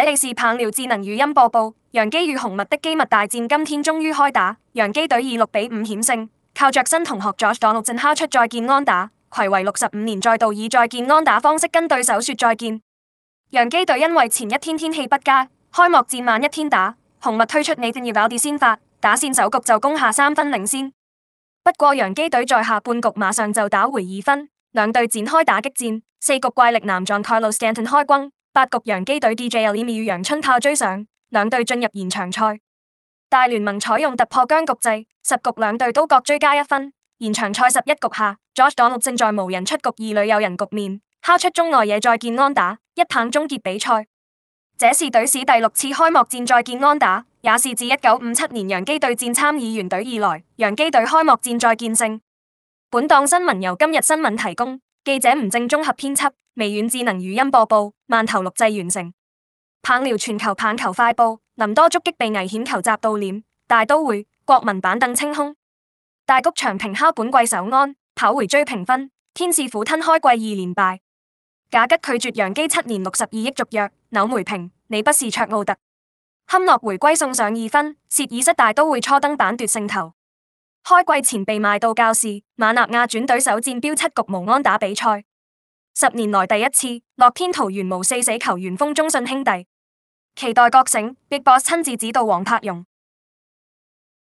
這裡是棒聊智能語音播報，洋基與紅襪的基襪大戰今天終於開打，洋基隊以六比五險勝，靠着新同學 Josh Donaldson 敲出再見安打，暌違六十五年再度以再見安打方式跟對手說再見。洋基隊因為前一天天氣不佳，開幕戰晚一天打，紅襪推出你定要搞啲先發，打線首局就攻下三分領先。不過洋基隊在下半局馬上就打回二分，兩隊展開打擊戰，四局怪力男將 Giancarlo Stanton 開轟。八局洋基隊 DJ LeMahieu 以陽春炮追上，兩隊進入延長賽。大聯盟採用突破僵局制，十局兩隊都各追加一分。延長賽十一局下，Josh Donaldson 正在無人出局二壘有人局面敲出中外野再見安打，一棒終結比賽。這是隊史第六次開幕戰再見安打，也是自一九五七年洋基隊戰參議員隊以來，洋基隊開幕戰再見勝。本檔新聞由今日新聞提供。記者吳正綜合編輯，微軟智能語音播報，饅頭錄製完成。棒聊全球棒球快報：林多觸擊被危險球砸到臉，大都會國民板凳清空，大谷翔平敲本季首安，跑回追平分。天使苦吞開季二連敗，賈吉拒絕洋基七年六十二億續約。紐梅平，你不是卓奧特。坎諾回歸送上二分，切爾西大都會初登板奪勝投。開季前被賣到教士，馬納亞轉隊首戰標七局無安打比賽，十年來第一次。樂天桃猿無四死球完封中信兄弟，期待覺醒，Big Boss 親自指導王柏融。